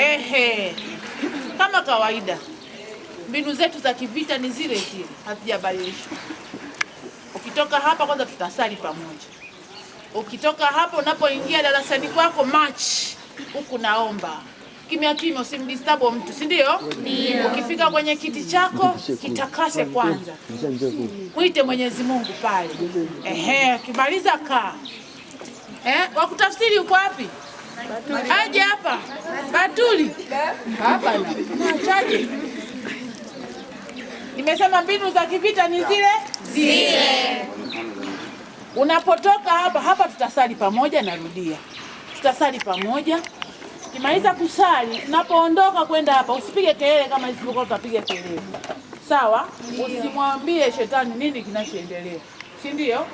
Ehe, kama kawaida mbinu zetu za kivita ni zile zile, hazijabadilishwa. Ukitoka hapa kwanza tutasali pamoja, ukitoka hapo unapoingia darasani kwako machi huku, naomba kimya kimya, usimdisturb mtu, si ndio? Ukifika kwenye kiti chako kitakase kwanza, mwite Mwenyezi Mungu pale. Ehe, ukimaliza kaa. Eh, wakutafsiri uko wapi? aje hapa Batuli hapa nachaje? Nimesema mbinu za kivita ni zile zile. Unapotoka hapa hapa, tutasali pamoja. Narudia, tutasali pamoja. Kimaliza kusali, unapoondoka kwenda hapa, usipige kelele kama ilivyokuwa utapiga kelele, sawa? Usimwambie shetani nini kinachoendelea, si ndio?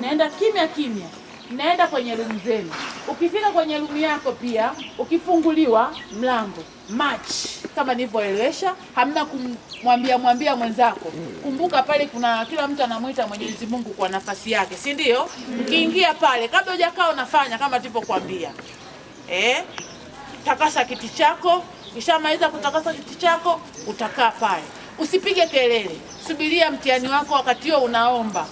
Naenda kimya kimya naenda kwenye rumu zenu. Ukifika kwenye rumu yako pia ukifunguliwa mlango match, kama nilivyoelewesha, hamna kumwambia mwambia mwenzako. Kumbuka pale kuna kila mtu anamwita Mwenyezi Mungu kwa nafasi yake, si ndio? Ukiingia pale, kabla hujakaa unafanya kama tulivyokuambia, eh, takasa kiti chako. Ukishamaliza kutakasa kiti chako utakaa pale, usipige kelele, subiria mtihani wako, wakati huo unaomba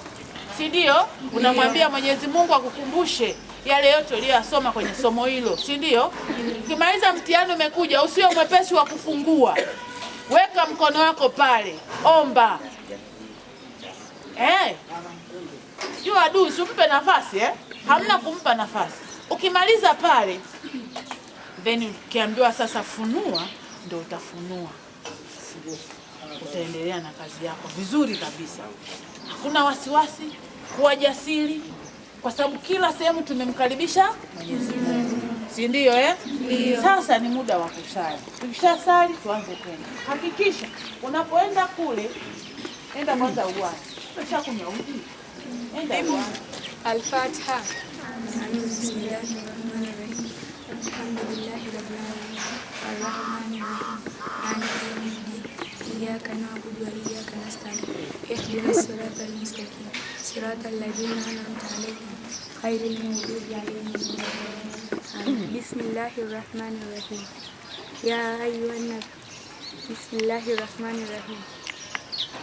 si ndio? Unamwambia Mwenyezi Mungu akukumbushe yale yote uliyosoma kwenye somo hilo, si ndio? Ukimaliza mtihani umekuja, usio mwepesi wa kufungua, weka mkono wako pale, omba eh, jua adui usimpe nafasi eh? Hamna kumpa nafasi. Ukimaliza pale, then ukiambiwa sasa funua, ndio utafunua, utaendelea na kazi yako vizuri kabisa, hakuna wasiwasi kuwa jasiri, kwa sababu kila sehemu tumemkaribisha Mwenyezi Mungu, si ndio eh? Ndiyo. Sasa ni muda wa kusali. Tukishasali tuanze tena. Hakikisha unapoenda kule, enda kwanza uwani. kunywa uji? Enda Al-Fatiha. Alhamdulillahi rabbil alamin arrahmani rahim maliki yawmiddin iyyaka na'budu wa iyyaka nasta'in ihdinas siratal mustaqim صراط الذين أنعمت عليهم غير المغضوب عليهم بسم الله الرحمن الرحيم يا أيها النبي بسم الله الرحمن الرحيم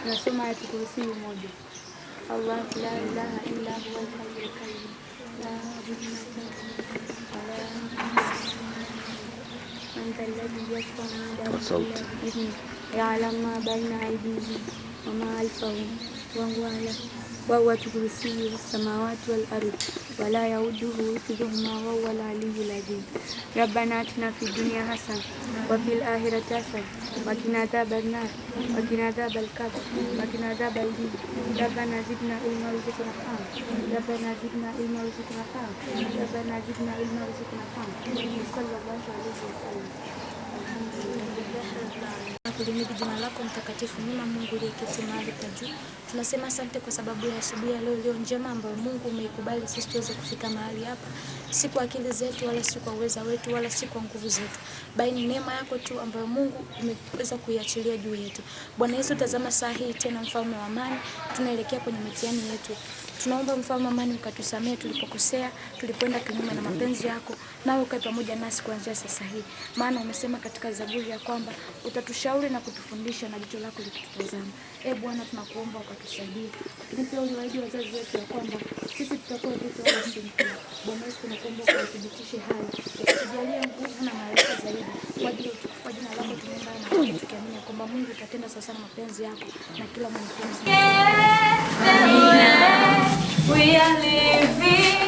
نسمع تكرسي موجة الله لا إله إلا هو الحي القيوم لا ولا أنت الذي يشفع عند بإذنه يعلم ما بين أيديهم وما ألفهم wangu ala wawatukurusii samawati wal ardh wala yauduhu hifdhuhuma wawal aliyul adhim. Rabbana atina fi dunya hasan wa fil akhirati hasan wa qina adhaban nar wa qina adhabal qabr wa qina adhabal nar. Rabbana zidna ilma warzuqna fahma. Rabbana zidna ilma warzuqna fahma. Rabbana zidna ilma warzuqna fahma. Sallallahu alayhi wa sallam Alhamdulillah. Kulimidi jina lako mtakatifu, mema Mungu uliyeketi mahali pa juu Tunasema asante kwa sababu ya asubuhi ya leo leo njema ambayo Mungu umeikubali sisi tuweze kufika mahali hapa, si kwa akili zetu wala si kwa uweza wetu wala si kwa nguvu zetu, bali ni neema yako tu ambayo Mungu umeweza kuiachilia juu yetu. Bwana Yesu, tazama saa hii tena, mfalme wa amani, tunaelekea kwenye mitihani yetu. Tunaomba mfalme wa amani ukatusamee tulipokosea, tulipoenda kinyume na mapenzi yako, na ukae pamoja nasi kuanzia sasa hii, maana umesema katika Zaburi ya kwamba utatushauri na kutufundisha na jicho lako likitutazama. E Bwana, tunakuomba kutusaidia. lakini pia uliwaahidi wazazi wetu ya kwamba sisi tutakuwa vitu wa si mtu. Bwana Yesu tunakuomba ukathibitishe haya, ukatujalie nguvu na maarifa zaidi kwa ajili jina lako tunaomba na tukiamini kwamba Mungu utatenda sasa na mapenzi yako na kila mwanafunzi. Amina. We are living